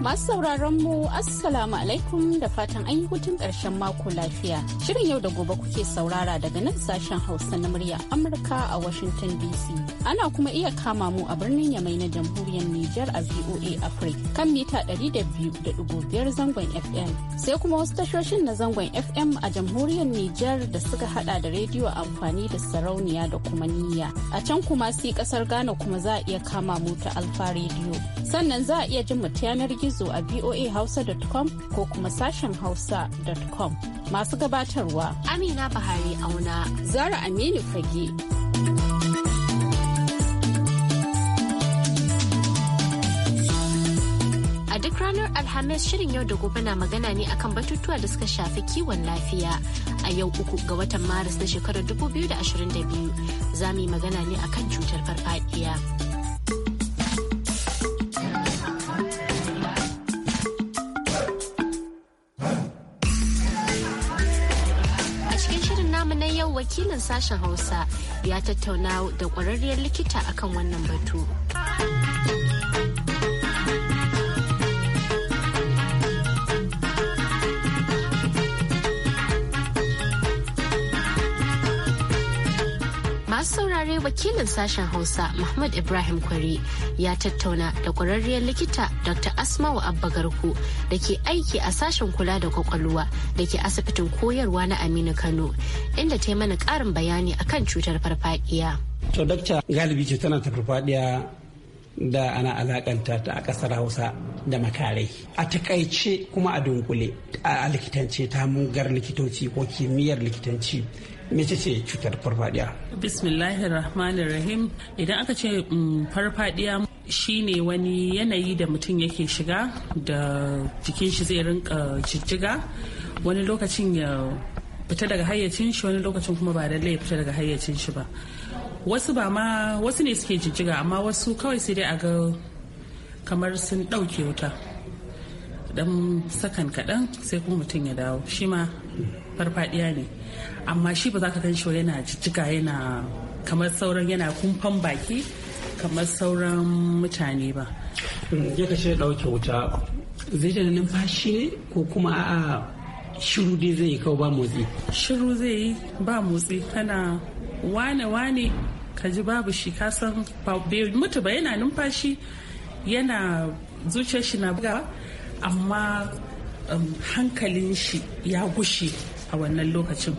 Masu sauraron mu Assalamu alaikum da fatan an yi hutun ƙarshen mako lafiya. Shirin yau da gobe kuke saurara daga nan sashen Hausa na murya Amurka a Washington DC. Ana kuma iya kama mu a birnin Yamai na jamhuriyar Nijar a VOA Africa kan mita ɗari da da biyu 200.5 zangon FM. Sai kuma wasu tashoshin na zangon FM a jamhuriyar Nijar da suka hada da rediyo amfani da sarauniya da kuma niyya. A can kuma sai kasar Ghana kuma za a iya kama mu ta Alfa rediyo Sannan za a iya jin mu yanar gizo gizo a voahausa.com ko kuma sashen hausa.com. Masu gabatarwa Amina Bahari Auna, Zara Aminu Fage. A duk ranar Alhamis shirin yau da gobe na magana ne akan batutuwa da suka shafi kiwon lafiya. A yau uku ga watan Maris na shekarar 2022 za mu yi magana ne akan cutar farfadiya. wakilin sashen hausa ya tattauna da kwararriyar likita akan wannan batu. kare wakilin sashen Hausa muhammad Ibrahim Kwari ya tattauna da kwararriyar likita Dr. Asmawa Abba Garko da ke aiki a sashen kula da kwakwalwa da ke asibitin koyarwa na Aminu Kano inda ta yi mana ƙarin bayani akan cutar farfadiya. To galibi ce tana ta farfadiya da ana alakanta ta a kasar Hausa da makarai. A takaice kuma a dunkule a likitanci ta mugar likitoci ko kimiyyar likitanci. ce cutar farfadiya bismillahirrahmanirrahim idan aka ce mm, farfadiya shine wani yanayi da mutum yake shiga da jikin shi zai rinka jijjiga wani lokacin ya fita daga hayyacin shi wani lokacin kuma ba lallai ya fita daga hayyacin shi ba wasu ba ma wasu ne suke jijjiga amma wasu kawai sai dai a ga kamar sun ɗauke wuta dan sakan kaɗan sai kuma mutum ya dawo shi ma farfadiya ne amma shi ba za ka gan shi yana jijjiga yana kamar sauran yana kumfan baki kamar sauran mutane ba hmm, ya kashe ɗauke wuta zai da numfashi ne ko kuma a'a shiru dai zai yi kawo ba motsi shiru zai yi ba motsi kana wane wane ka ji babu shi ka san mutu ba yana numfashi yana zuciyar shi na bugawa amma um, hankalin shi ya gushe a wannan lokacin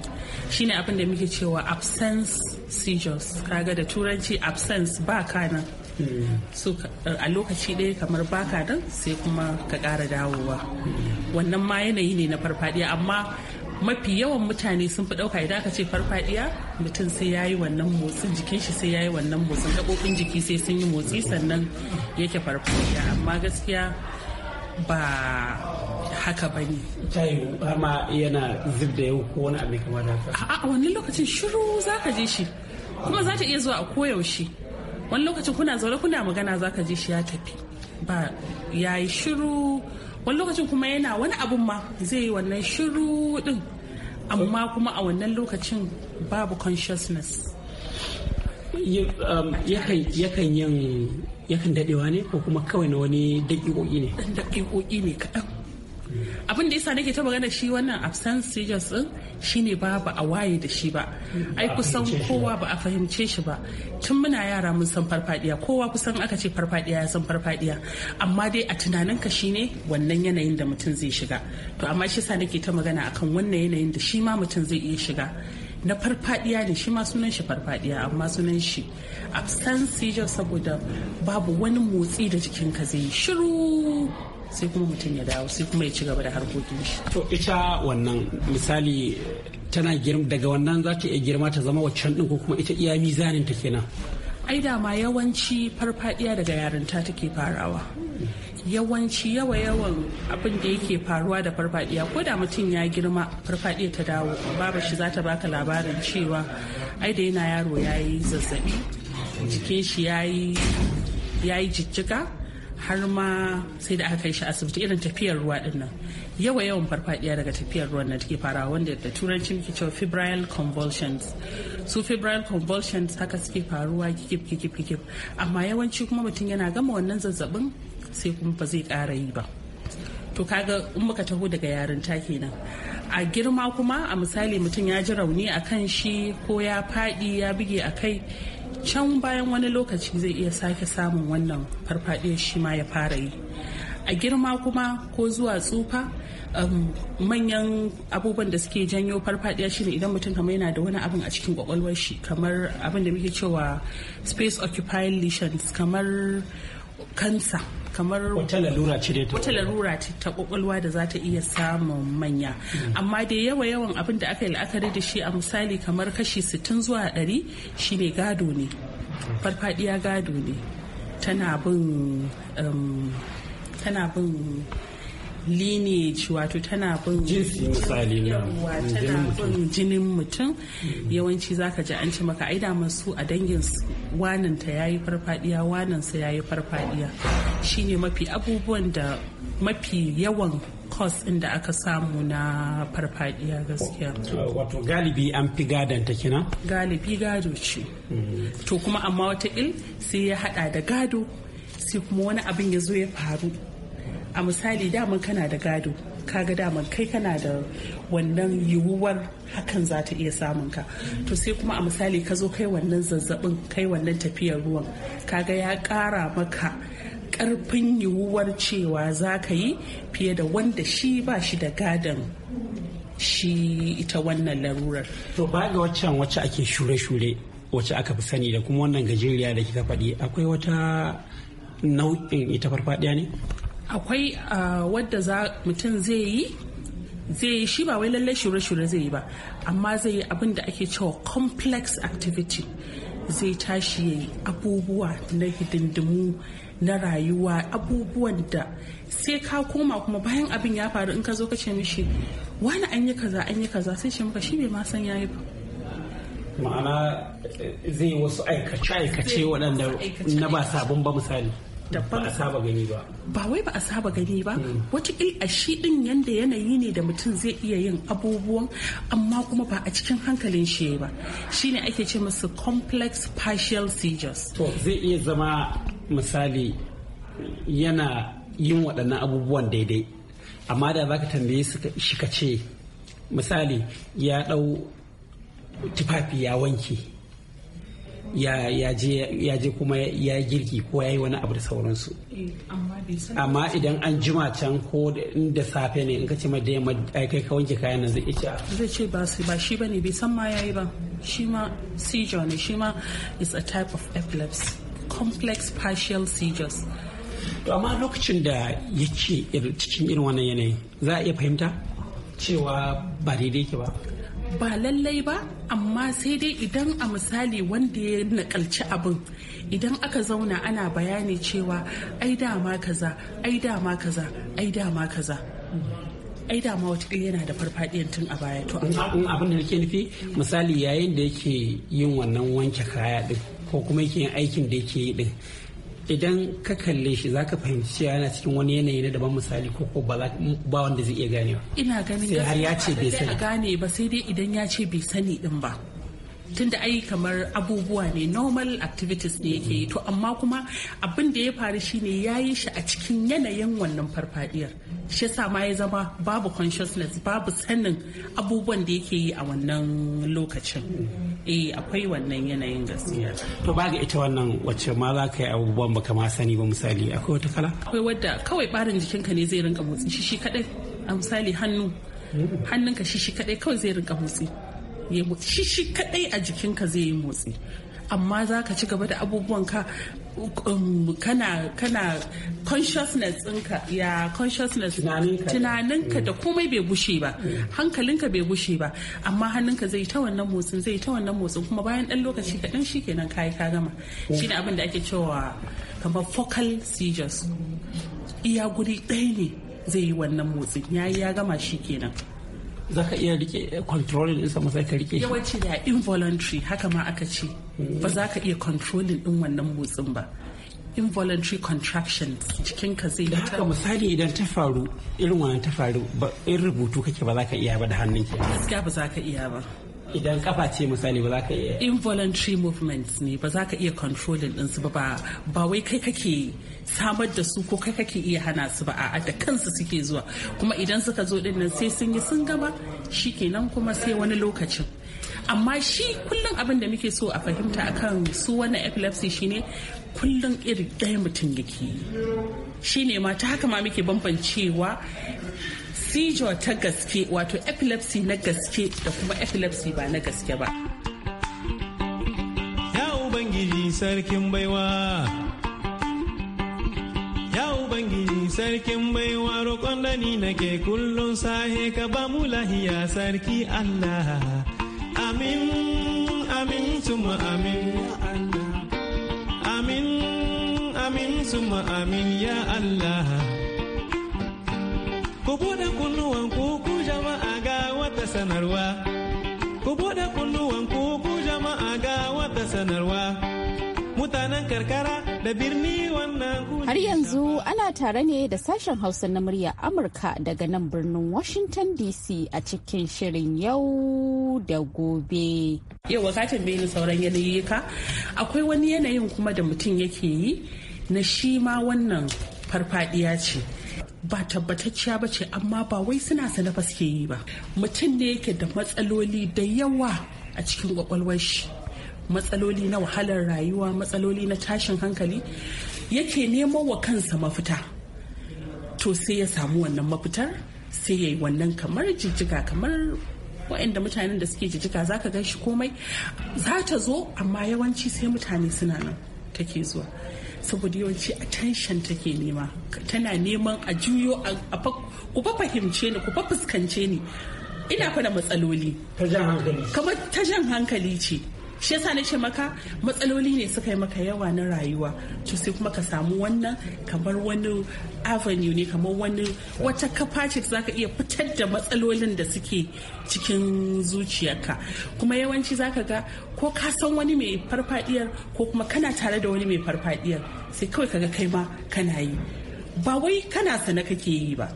shine abin da muke cewa absence seizures kaga da turanci absence ba kana mm. uh, a lokaci ɗaya kamar baka nan sai kuma ka ƙara dawowa wannan ma yanayi ne na farfadiya amma mafi yawan mutane sun fi ɗauka idan aka ce farfadiya mutum sai ya yi wannan motsin jikin shi sai ya yi wannan motsin gaɓoɓin jiki sai sun yi motsi sannan yake farfadiya amma gaskiya ba haka ba ne. yi ma yana zib da yau ko wani abu da haka. A wannan lokacin shiru za ka je shi kuma za ta iya zuwa a koyaushe wani lokacin kuna zaune kuna magana za ka je shi ya tafi ba ya yi shiru wani lokacin kuma yana wani abun ma zai yi wannan shiru din amma kuma a wannan lokacin babu consciousness Um, yakan yin yakan dadewa ne ko kuma kawai na wani daƙiƙoƙi ne daƙiƙoƙi ne kaɗan abin da yasa nake ta magana shi wannan absence seizures din shine ba ba a waye da shi ba ai kusan kowa ba a fahimce shi ba tun muna yara mun san farfadiya kowa kusan aka ce farfadiya ya san farfadiya amma dai a tunaninka shine wannan yanayin da mutum zai shiga to amma shi yasa nake ta magana akan wannan yanayin da shi ma mutum zai iya shiga na farfadiya ne shi ma sunan shi farfadiya amma sunan shi seizure saboda babu wani motsi da jikinka zai shiru sai kuma mutum ya dawo sai kuma ya ci gaba da harkokin shi to ita wannan misali tana girma daga wannan za ta iya girma ta zama waccan din ko kuma ita iya mizanin ta kenan ai da ma yawanci farfadiya daga yarinta take farawa yawanci yawa yawan abin da yake faruwa da farfadiya ko da mutum ya girma farfadiya ta dawo babu shi za ta baka labarin cewa ai da yana yaro ya yi zazzabi jikin shi ya yi jijjiga har ma sai da aka kai shi asibiti irin tafiyar ruwa din nan yawa yawan farfadiya daga tafiyar ruwan da take farawa wanda da turanci muke cewa febrile convulsions su febrile convulsions haka suke faruwa kikip kikip kikip amma yawanci kuma mutum yana gama wannan zazzabin sai kuma ba zai ƙara yi ba to kaga in muka taho daga yarinta kenan a girma kuma a misali mutum ya ji rauni a kan shi ko ya faɗi ya buge a kai can bayan wani lokaci zai iya sake samun wannan farfaɗiyar shi ma ya fara yi a girma kuma ko zuwa tsufa um, manyan abubuwan da suke janyo farfadiya shine idan mutum kamar yana da wani abin a cikin kwakwalwar shi kamar abin da muke cewa space occupy lesions kamar kansa kamar wata lalura ce ta kwakwalwa da za ta iya samun manya mm-hmm. amma da yawa yawan abin da aka yi la'akari da shi a misali kamar kashi 60 zuwa 100 shine gado ne farfadiya gado ne tana bin um, tana bin lineage wato tana bin jinsi misali jinin mutum mm. yawanci zaka ji an ce maka aida masu a dangin wanan ta yayi farfadiya wanan sa yayi farfadiya shine mafi abubuwan da mafi yawan cost din da aka samu na farfadiya gaskiya wato galibi an fi gadon ta kina galibi gado ce mm-hmm. to kuma amma wata il sai ya hada da gado sai kuma wani abin ya zo ya faru a misali daman kana da gado kaga daman kai kana da wannan yiwuwar hakan za ta iya samun ka to sai kuma a misali ka zo kai wannan zazzabin kai wannan tafiyar ruwan kaga ya kara maka karfin yiwuwar cewa za ka yi fiye da wanda shi ba shi da gadon shi ita wannan larurar to ba ga waccan wacce ake shure-shure wacce aka fi sani da kuma wannan gajeriya da kika faɗi akwai wata nau'in ita farfaɗiya ne akwai ah, wadda mutum zai yi zai yi shi ba wai lallai shure-shure zai yi ba amma zai yi abin da ake cewa complex activity zai tashi ya yi abubuwa na hidindimu na rayuwa abubuwan da sai ka koma kuma bayan abin ya faru in ka zo ka ce mishi wani an yi kaza an yi kaza sai ce maka shi bai ma san yayi ba ma'ana eh, zai wasu aikace-aikace waɗanda na ba sabon ba misali ba a saba gani ba ba wai ba a saba gani ba hmm. wata il a shi din yanda yanayi ne da mutum zai iya yin abubuwan amma kuma ba a cikin hankalin shi ba shi ne ake ce musu complex partial seizures to zai iya zama misali yana yin waɗannan abubuwan daidai amma da za ka tambaye shi ka ce misali ya ɗau tufafi ya wanke ya je kuma ya yi girki ko ya yi wani abu da sauransu eh, amma idan an jima can ko da safe ne in ka ce mai da yamma ai kai ka wanke kayan nan zai iya zai ce ba su ba shi bane bai san ma yi ba shi ma seizure ne shi ma is a type of epilepsy complex partial seizures to amma lokacin da yake cikin irin wannan yanayi za a iya fahimta cewa ba daidai ke ba ba lallai ba amma sai dai idan a misali wanda ya nakalci abin idan aka zauna ana bayani cewa ai dama kaza ai dama kaza ai dama kaza ai dama wata yana da farfadiyan tun a baya to abin da nake nufi misali yayin da yake yin wannan wanke kaya din ko kuma yake yin aikin da yake yi din idan ka kalle shi za ka fahimci yana cikin wani yanayi na daban misali ko ko ba wanda zai iya ganewa ina ganin sai har ya ce bai sani ba sai dai idan ya ce bai sani din ba tunda ai kamar abubuwa ne normal activities ne yake yi to amma kuma abin da ya faru shine ya yi shi a cikin yanayin wannan farfadiyar shi yasa ma ya zama babu consciousness babu sanin abubuwan da yake yi a wannan lokacin eh akwai wannan yanayin gaskiya to ba ga ita wannan wacce ma za ka yi abubuwan baka ma sani ba misali akwai wata kala akwai wadda kawai barin jikinka ne zai rinka motsi shi shi kadai a misali hannu hannunka shi shi kadai kawai zai rinka motsi ya shi shi kadai a jikinka zai yi motsi amma za ka ci gaba da abubuwan um, kana kana consciousness ɗinka ya consciousness tunaninka da komai bai gushe ba hankalinka bai gushe ba amma hannunka zai ta wannan motsin zai ta wannan motsin kuma bayan dan lokaci kaɗan shi kenan kayi ka gama shine abin da ake cewa kamar focal seizures iya guri ɗaya ne zai yi wannan motsin ya yi ya gama shi kenan za ka iya rike controlling ɗinsa ba sai ka rike yawanci da involuntary haka ma aka ce ba za ka iya controlling din wannan motsin ba involuntary contractions jikinka zai da haka misali idan ta faru irin wannan ta faru in rubutu kake ba za ka iya ba da hannunki gaskiya ba za ka iya ba idan kafa ce misali ba za ka iya involuntary movements ne ba za ka iya controlling ɗinsu ba ba wai kai kake samar da su ko kai kake iya hana su ba a da kansu suke zuwa kuma idan suka zo din nan sai sun yi sun gama kenan kuma sai wani lokacin amma shi kullum abin da muke so a fahimta akan su wani epilepsy shine kullum iri ɗaya mutum yake yi shine ma ta haka ma muke bambancewa seizure ta gaske wato epilepsy na gaske da kuma epilepsy ba na gaske ba ya ubangiji sarkin baiwa ya ubangiji sarkin baiwa roƙon da ni nake kullum sahe ka ba mu lahiya sarki allah amin amin tuma amin amin amin tuma amin ya allah Ku buɗe kunnuwan ku jama'a ga wata sanarwa. Ku buɗe kunnuwan ku jama'a ga wata sanarwa. Mutanen karkara da birni wannan ku Har yanzu ana tare ne da sashen Hausa na murya Amurka daga nan birnin Washington DC a cikin shirin yau da gobe. Yau ka bai ni sauran yanayi ka akwai wani yanayin kuma da mutum yake yi na shi ma wannan farfadiya ce. ba tabbatacciya ba ce amma ba wai suna sana ba suke yi ba mutum ne yake da matsaloli da yawa a cikin kwakwalwar shi matsaloli na wahalar rayuwa matsaloli na tashin hankali yake nemo wa kansa mafita to sai ya samu wannan mafitar sai ya yi wannan kamar jijjiga kamar waɗanda mutanen da suke jijjiga za ka gan shi komai za ta zo amma yawanci sai mutane suna nan take zuwa saboda yawanci attention take nema tana neman a juyo ku fa fahimce ni ku fa fuskance ni ina fa da matsaloli kamar ta jan hankali ce shi yasa na ce maka matsaloli ne suka yi maka yawa na rayuwa to sai kuma ka samu wannan kamar wani avenue ne kamar wani wata kafa ce za iya fitar da matsalolin da suke cikin zuciyarka kuma yawanci za ka ga ko ka san wani mai farfadiyar ko kuma kana tare da wani mai farfadiyar sai kawai ka ga kai ma kana yi ba wai kana sana kake yi ba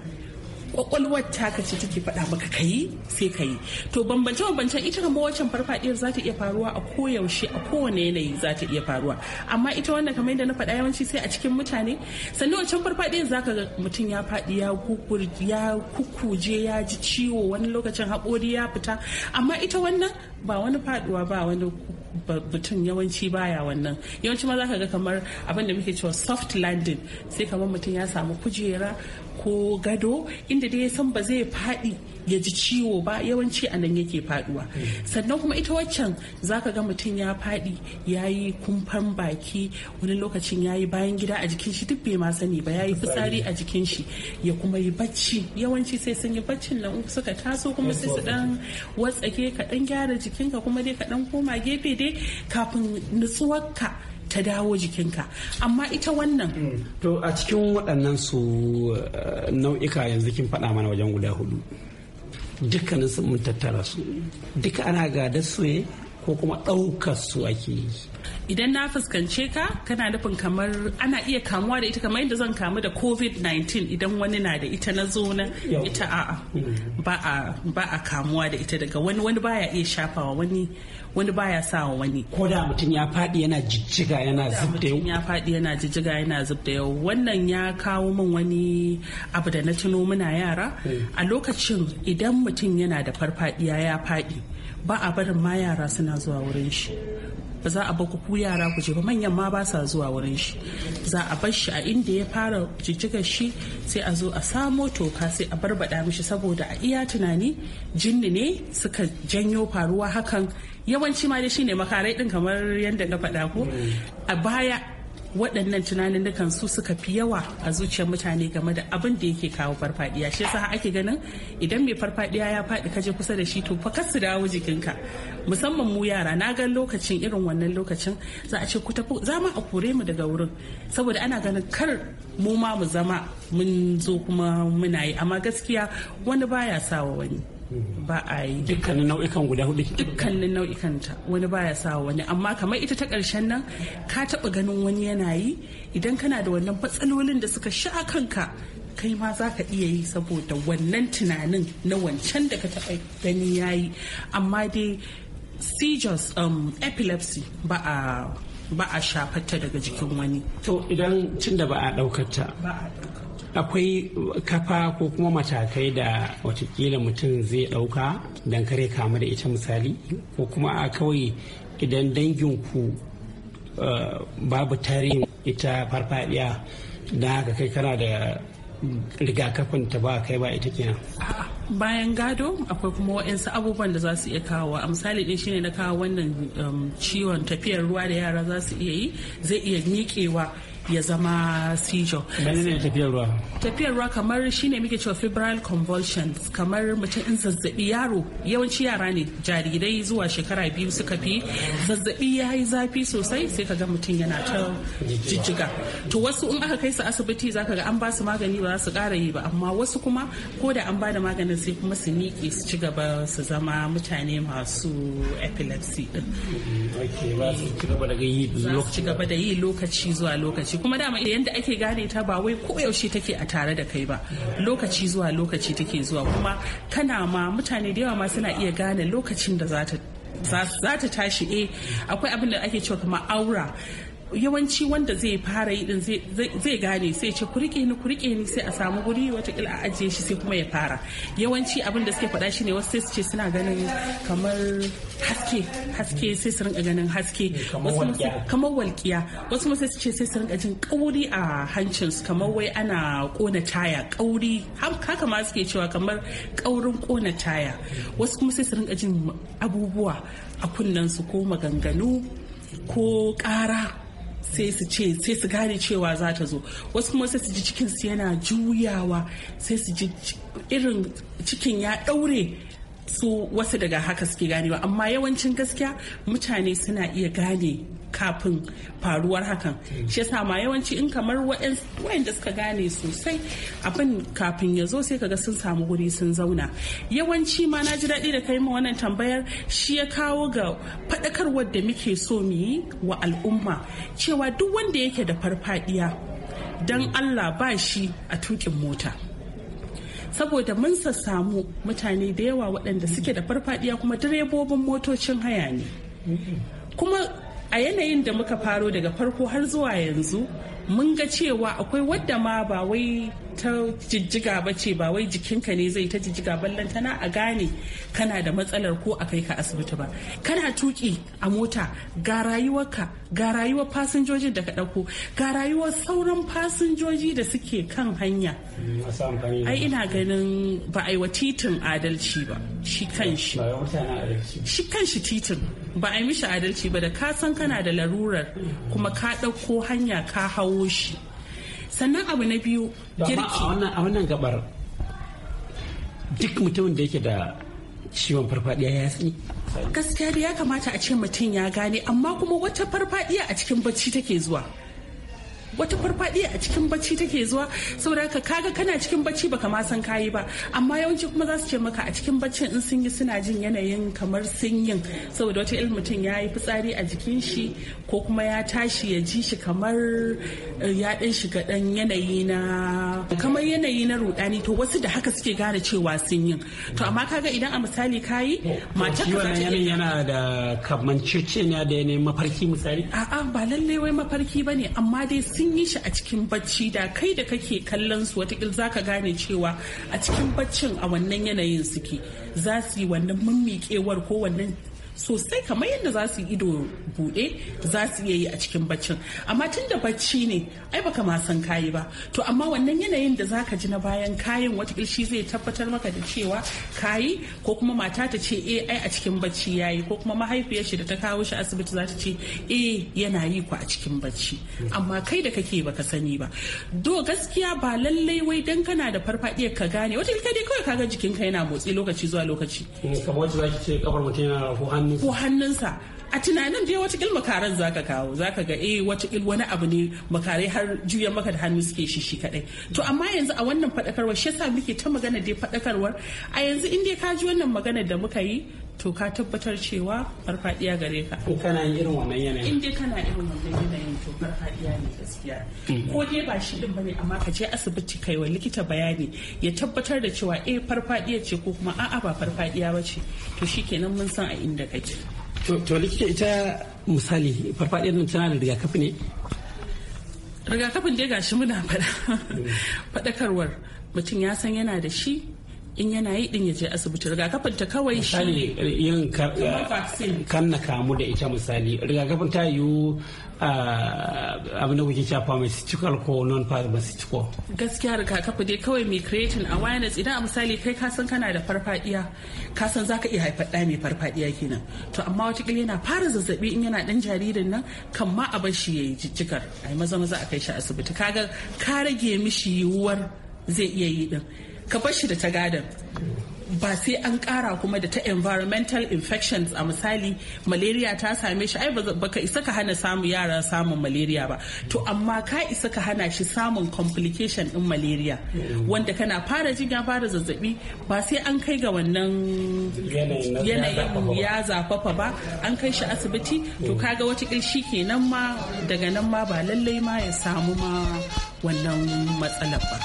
kwakwalwar taka ce take faɗa maka kayi sai kayi to bambance bambancen ita kama waccan farfadiyar za ta iya faruwa a koyaushe a kowane yanayi za ta iya faruwa amma ita wannan kamar yadda na faɗa yawanci sai a cikin mutane sannan wancan farfadiyar za ka ga mutum ya faɗi ya ya kukuje ya ji ciwo wani lokacin haƙori ya fita amma ita wannan ba wani faɗuwa ba wani mutum yawanci baya wannan yawanci ma za ka ga kamar abinda muke cewa soft landing sai kamar mutum ya samu kujera ko gado inda dai ya san ba zai faɗi ya ji ciwo ba yawanci a nan yake faduwa sannan kuma ita waccan zaka ga mutum ya fadi ya yi kumfan baki wani lokacin ya yi bayan gida a jikin shi duk bai ma sani ba ya yi fitsari a jikin shi ya kuma yi bacci yawanci sai sun yi baccin nan suka taso kuma sai su dan watsake ka dan gyara jikinka kuma dai ka dan koma gefe dai kafin nutsuwarka ta dawo jikinka amma ita wannan mm. to a cikin waɗannan su eh, nau'ika yanzu kin faɗa mana wajen guda hudu dukkanin su mun tattara su duka ana gada su ne ko kuma ɗaukar su ake yi idan na fuskance ka kana nufin kamar ana iya kamuwa da ita kamar yadda zan kamu da covid-19 idan wani na da ita na zo na ita a'a mm. ba a kamuwa da ita daga wani wani baya iya shafawa wani wani baya sa wa wani ko da mutum ya faɗi yana jijjiga yana zub yau ya faɗi yana jijjiga yana zub yau wannan ya kawo min wani abu da na tuno muna yara hmm. a lokacin idan mutum yana da farfadiya ya faɗi ba a barin ma yara suna zuwa wurin shi ba za a ba ku yara ku je ba manyan ma ba sa zuwa wurin shi za a bar shi a inda ya fara jijjigar shi sai a zo a samo toka sai a barbada mishi saboda a iya tunani jinni ne suka janyo faruwa hakan yawanci ma dai shine makarai din kamar yadda na faɗa ko a baya waɗannan tunanin su suka fi yawa a zuciyar mutane game da abin da yake kawo farfadiya shi yasa ake ganin idan mai farfadiya ya faɗi kaje kusa da shi to fa ka su dawo jikinka musamman mu yara na ga lokacin irin wannan lokacin za a ce ku tafi za mu a kore mu daga wurin saboda ana ganin kar mu ma mu zama mun zo kuma muna yi amma gaskiya wani baya sawa wani ba a yi dukkanin nau'ikan guda hudu dukkanin nau'ikan ta wani baya sa wani amma kamar ita ta karshen nan ka taba ganin wani yana yi idan kana da wannan matsalolin da suka sha kanka kai ma za ka iya yi saboda wannan tunanin na wancan da ka taba gani yayi amma dai seizures um, epilepsy ba a ba a shafarta daga jikin wani to idan cin da ba a daukar ta akwai kafa ko kuma matakai da watakila mutum zai ɗauka don kare kama da ita misali ko kuma a kawai idan danginku eh, babu tarihin ita farfadiya da haka kai kana da rigakafin ta ba kai ba ita kenan. bayan gado akwai kuma waɗansu abubuwan da za su iya kawo a misali ɗin shine na kawo wannan um, ciwon tafiyar ruwa da yara za su iya yi zai iya miƙewa ya zama seizure menene tafiyar ruwa tafiyar ruwa kamar shine muke cewa febrile convulsions kamar mutum in zazzabi yaro yawanci yara ne jarirai zuwa shekara biyu suka fi zazzabi ya yi zafi sosai sai ka ga mutum yana ta jijjiga to wasu in aka kai su asibiti zaka ga an ba su magani ba za su kara yi ba amma wasu kuma ko da an ba da maganin sai kuma su miƙe su ci gaba su zama mutane masu epilepsy din. Mm-hmm. ba su ci gaba da yi lokaci zuwa lokaci lokaci kuma dama yadda ake gane ta ba wai ko yaushe take a tare da kai ba lokaci zuwa lokaci take zuwa kuma kana ma mutane da yawa ma suna iya gane lokacin da za ta tashi eh akwai abin da ake cewa kamar aura yawanci wanda zai fara yi din zai gane sai ce ku rike ni ku rike ni sai a samu guri watakila a ajiye shi sai kuma ya fara yawanci abin da suke faɗa shine wasu sai su ce suna ganin kamar haske haske sai su rinka ganin haske eh, kamar walƙiya wasu ma sai su ce sai su rinka jin kauri a hancin su kamar wai ana kona taya kauri haka ma suke cewa kamar kaurin kona taya wasu kuma sai su rinka jin abubuwa a kunnen su ko maganganu ko ƙara sai su ce sai su gane cewa za ta zo wasu kuma sai su ji cikinsu yana juyawa sai su ji irin cikin ya ɗaure su wasu daga haka suke ganewa amma yawancin gaskiya mutane suna iya gane kafin faruwar hakan shi yasa ma yawanci in kamar wayanda suka gane sosai abin kafin ya zo sai kaga sun samu guri sun zauna yawanci ma na ji daɗi da kai ma wannan tambayar shi ya kawo ga faɗakarwar da muke so mu yi wa al'umma cewa duk wanda yake da farfadiya don Allah ba shi a tukin mota saboda mun sassamu mutane da yawa waɗanda suke da farfadiya kuma direbobin motocin haya ne kuma a yanayin da muka faro daga farko har zuwa yanzu mun ga cewa akwai wadda ma ba wai ta jijjiga ba ce ba wai jikinka ne zai ta jijjiga ballan tana a gane kana da matsalar ko a kai ka asibiti ba kana tuki a mota ga rayuwarka ga rayuwar fasinjojin da ka ɗauko ga rayuwar sauran fasinjoji da suke kan hanya mm, ai ina ganin ba a yi wa titin adalci ba shi kanshi. shi kanshi titin ba a yi mishi adalci ba da ka san kana da larurar kuma ka ɗauko hanya ka hawo shi sannan abu na biyu girki a wannan gabar duk mutumin da yake da ciwon farfadiya ya sani gaskiya da ya kamata a ce mutum ya gane amma kuma wata farfadiya a cikin bacci take zuwa wata farfadi a cikin bacci take zuwa saboda ka kaga kana cikin bacci baka ma san kayi ba amma yawanci kuma za su ce maka a cikin bacci in sun yi suna jin yanayin kamar sun yin saboda wata ilmi mutum ya yi fitsari a jikin shi ko kuma ya tashi ya ji shi kamar eh, ya dan shiga dan yanayi na kamar yanayi na rudani to wasu da haka suke gane cewa sun yin to amma kaga idan a misali kayi mata ka oh, oh, za ta yana da kamanceceniya da yanayin mafarki misali a'a ba lallai wai mafarki bane amma dai sun sun yi shi a cikin bacci da kai da kake kallon su watakil za ka gane cewa a cikin baccin a wannan yanayin suke za su yi wannan mummikewar ko wannan sosai kamar yadda za su yi ido buɗe za su iya yi a cikin baccin amma tun da bacci ne ai baka ma san kayi ba to amma wannan yanayin da za ka ji na bayan kayan wata shi zai tabbatar maka da cewa kayi ko kuma mata ta ce eh ai a cikin bacci yayi ko kuma mahaifiyar shi da ta kawo shi asibiti za ta ce eh yana yi ku a cikin bacci amma kai da kake baka sani ba do gaskiya ba lallai wai dan kana da farfadiyar ka gane wata kai dai kawai kaga jikinka yana motsi lokaci zuwa lokaci eh, kamar wacce zaki ce kafar mutum yana ko hannunsa a tunanin dai wata ilma makaran zaka kawo zaka ga eh wata kil wani abu ne makarai har juyan maka da hannu suke shi shi kadai to amma yanzu a wannan fadakarwar shi yasa muke ta magana dai fadakarwar a yanzu in dai ka ji wannan magana da muka yi to ka tabbatar cewa farfadiya gare ka ko kana yin irin wannan yanayin in dai kana irin wannan yanayin to farfadiya ne gaskiya mhm. ko dai ba shi din bane amma ka je asibiti kai wa likita bayani ya tabbatar da cewa eh farfadiya ce ko kuma a'a ba farfadiya ba ce to shikenan mun san a inda kake to likita ita misali farfadiyar nan tana da rigakafi ne rigakafin dai gashi muna faɗa mm. faɗakarwar mutum ya san yana da shi in yana yi din ya je asibiti rigakafin ta kawai shi yin kan na kamu da ita misali rigakafin ta yiwu abin da kuke cewa cikar ko non gaskiya rigakafi dai kawai mai a awareness idan a misali kai ka san kana da farfadiya ka san zaka iya haifar da mai farfadiya kenan to amma wata kila yana fara zazzabi in yana dan jaririn nan kan ma a bar shi yayi jijjikar ai maza maza a kai shi asibiti kaga ka rage mishi yiwuwar zai iya yi din ka bar shi da ta gadon ba sai an kara kuma da ta environmental infections a misali malaria ta same shi ai baka isa ka hana samun yara samun malaria ba to amma ka isa ka hana shi samun complication din malaria wanda kana fara jin ya fara zazzabi ba sai an kai ga wannan yanayin ya zafafa ba an kai shi asibiti to kaga wata shi kenan ma daga nan ma ba lallai ma ya samu ma wannan matsalar ba.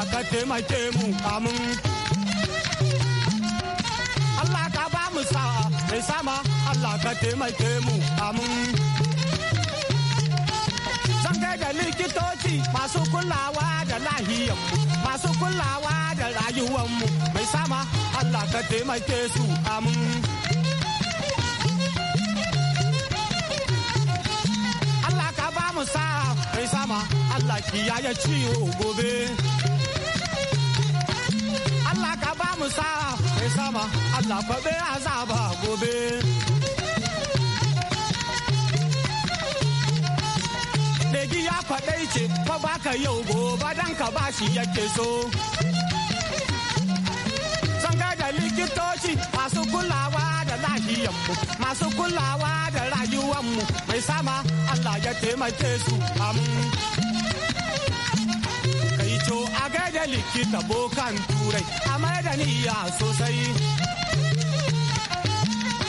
Allah ka taimake mu amin. Allah ka ba mu sa'a mai sama Allah ka taimake mu Zan da likitoci masu kulawa da lahiyanmu masu kulawa da rayuwanmu mai sama Allah ka taimake su amin. Allah ka ba mu sa'a mai sama Allah kiyaye ciwo gobe. mu sa'a mai sama Allah faɗe azaba gobe. Daji ya faɗai ce fa baka yau gobe dan ka ba shi yake so. likitoci masu kulawa da lahiyanmu masu kulawa da mu, mai sama Allah ya taimake su amin. To a gaida likita bokan turai a maida niyya sosai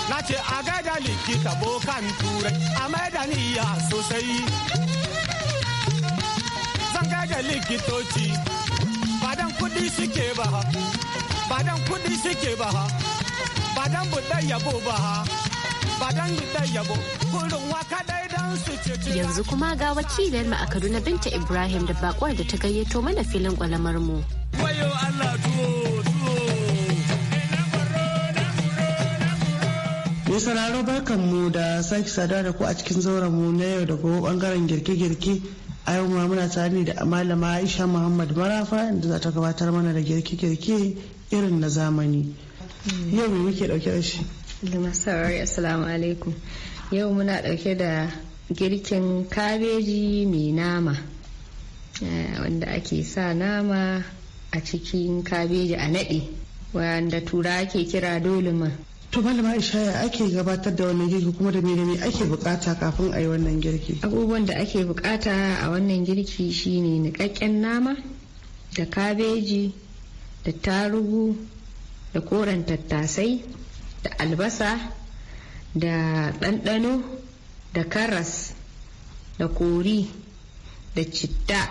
na ce a gaida likita bokan turai a maida niyya sosai zan gaida likitoci badan kudi suke ba badan kudi suke ba badan budan yabo ba yanzu kuma ga wakilin mu a Kaduna Binta Ibrahim da bakwar da ta gayyato mana filin kwalamar mu wayo Allah Mai barkan mu da sake sada da ku a cikin zauren mu na yau da gobe bangaren girke-girke a yau ma muna tare ne da malama Aisha Muhammad Marafa da za ta gabatar mana da girke-girke irin na zamani. Yau me muke dauke da shi? Masarari Assalamu alaikum. Yau muna dauke da girkin kabeji mai nama eh, wanda ake sa nama a cikin kabeji a naɗe wanda tura ake kira dolima. To malama ishaya ake gabatar da wannan girki kuma da me ake bukata kafin a yi wannan girki. Abubuwan da ake bukata a wannan girki shine nikakken nama da kabeji da tarugu da koren tattasai da albasa da ɗanɗano da karas da kori da citta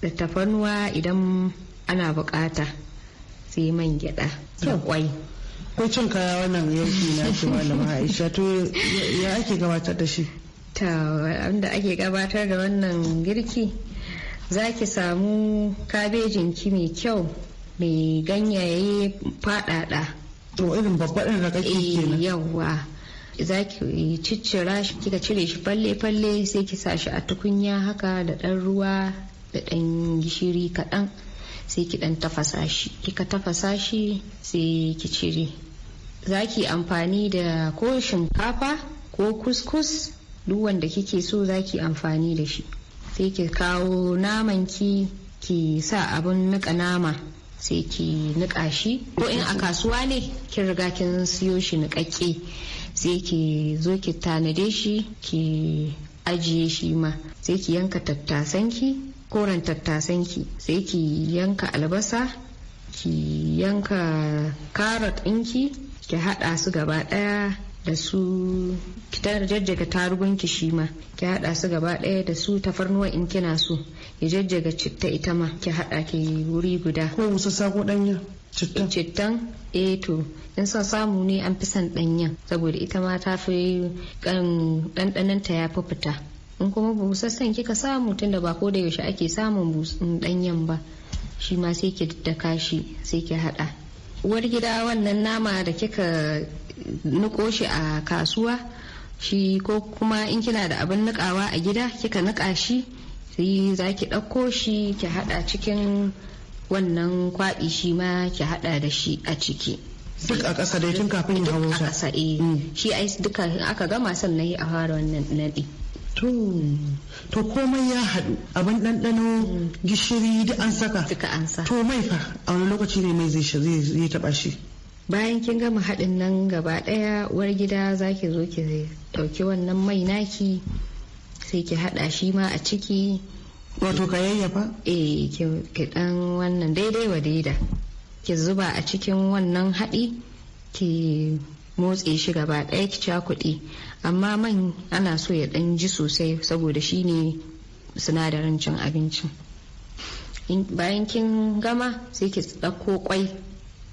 da tafarnuwa idan ana bukata sai man gyada da kwai ko cin kaya wannan yanki na ke malama aisha to ya ake gabatar da shi ta wanda ake gabatar da wannan girki za ki samu kabejinki mai kyau mai ganyaye fadada to irin babbaɗin da kake eh, na yawa za ki ciccira shi kika cire shi falle falle sai ki sa shi a tukunya haka da ɗan ruwa da ɗan gishiri kaɗan sai ki ɗan tafasa shi kika tafasa shi sai ki cire za ki amfani da ko shinkafa ko kuskus duk wanda kike so za ki amfani da shi sai ki kawo naman ki ki sa abun nika nama sai ki niƙa shi ko in a kasuwa ne kin riga kin siyo shi nikakke sai ki zo ki tanade shi ki ajiye shi ma sai ki yanka tattasanki koren tattasanki sai ki yanka albasa ki yanka karot ɗinki ki haɗa su gaba ɗaya da su ki jajjaga tarugun ki shi ki hada su gaba daya da su tafarnuwa in kina so ki jajjaga citta ita ma ki hada ki wuri guda ko wasu sako danya cittan eh, cittan eh to in son samu ne an fi son danyen saboda ita ma ta fi ɗanɗanon ta ya fi fita in kuma busassan kika samu tunda ba ko da yaushe ake samun danyan mm, ba shi ma sai ki daddaka shi sai ki hada uwar gida wannan nama da kika niko shi a kasuwa shi ko kuma in kina da abin nikawa a gida kika nika shi sai za ki ɗauko shi ki haɗa cikin wannan kwaɗi shi ma ki haɗa da shi a ciki duk a ƙasa dai tun kafin ya hawo sa ƙasa eh mm. shi ai duka aka gama sannan a fara wannan naɗi to komai ya haɗu abin ɗanɗano mm. gishiri duk an saka duka an sa to mai fa a wani lokaci ne mai zai taɓa shi bayan kin gama haɗin nan gaba ɗaya uwar gida za ki zo ki ɗauki wannan mai naki sai ki haɗa shi ma a ciki wato ka yayyafa eh ki ɗan wannan daidai wa daida ki zuba a cikin wannan haɗi ki motsi shi gaba ɗaya ki kuɗi amma man ana so ya ɗan ji sosai saboda shi ne sinadarin cin abincin bayan kin gama sai ki ɗauko kwai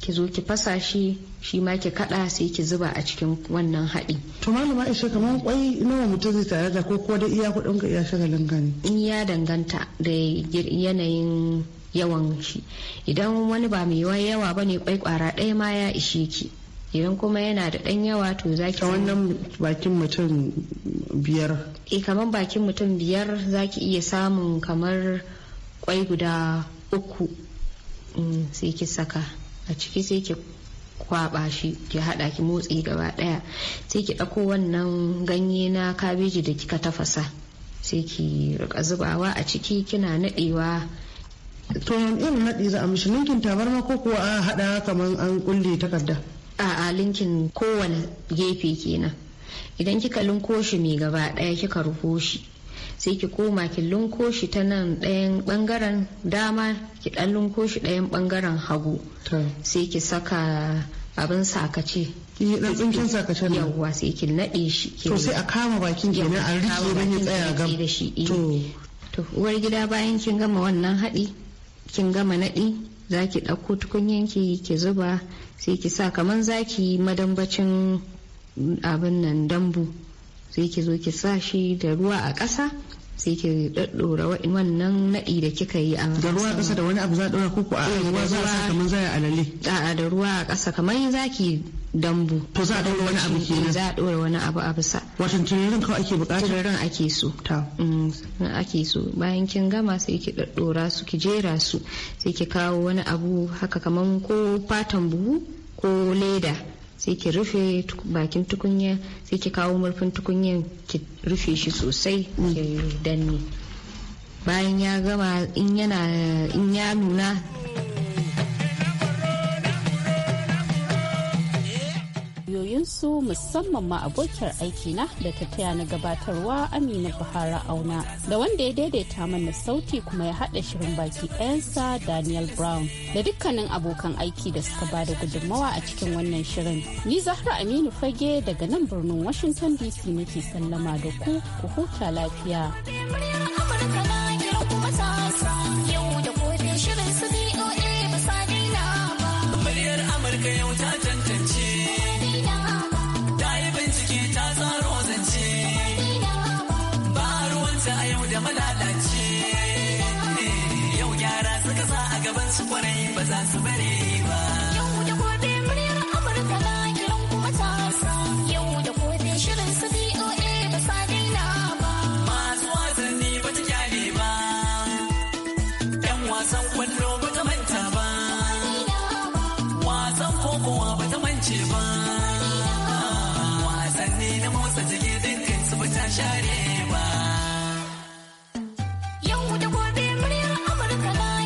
ki zo ki fasa shi shi ma ki kada sai ki zuba a cikin wannan haɗi. to malama ishe kamar kwai nawa mutum zai tare da ko da iya kuɗin ka iya shagalin gani. in ya danganta da yanayin yawan shi idan wani ba mai yawa ba ne kwai kwara ɗaya ma ya ishe ki idan kuma yana da ɗan yawa to za ki wannan bakin mutum biyar e kamar bakin mutum biyar za ki iya samun kamar kwai guda uku mm, sai ki saka a ciki sai ki kwaba shi ki hada ki motsi gaba daya sai ki dauko wannan ganye na kabeji da kika tafasa sai ki rika zubawa a ciki kina nadewa to irin nadi za a mishi linkin tabarma ko kuwa a hada kamar an kulle takarda a linkin kowane gefe kenan idan kika linko shi mai gaba daya kika rufo shi sai ki koma ki lunko shi ta nan ɗayan ɓangaren dama ki ɗan lunko shi ɗayan ɓangaren hagu sai ki saka abin sakace dan tsinkin sakace ne yawwa sai ki naɗe shi to sai a kama bakin ne a rike don ya tsaya ga eh. to to uwar gida bayan kin gama wannan haɗi kin gama naɗi za ki ɗauko tukunyanki ki zuba sai ki sa kamar za ki yi madambacin abin nan dambu sai ki zo ki sa shi da ruwa a ƙasa sai ki daddora wannan naɗi da kika yi a da ruwa ƙasa da wani abu za a ɗora ko a eh, ruwa za a kamar za a alale a da ruwa a ƙasa kamar zaki dambu to za a ɗora wani abu ke za a ɗora wani abu a bisa wato tunanin kawai ake buƙata tunanin ake so ta mm, ake so bayan kin gama sai ki daddora su ki jera su sai ki kawo wani abu haka kamar ko fatan buhu ko leda sai ki rufe bakin tukunya sai ki kawo murfin tukunyar ki rufe shi sosai ki danne bayan ya gama in yana in ya nuna su musamman ma abokiyar na da ta taya na gabatarwa Amina Buhara Auna da wanda ya daidaita mana sauti kuma ya haɗa shirin baki ɗayansa Daniel Brown da dukkanin abokan aiki da suka ba da gudunmawa a cikin wannan shirin. Ni Zahra Aminu Fage daga nan birnin Washington DC nake sallama da ku ku huta lafiya.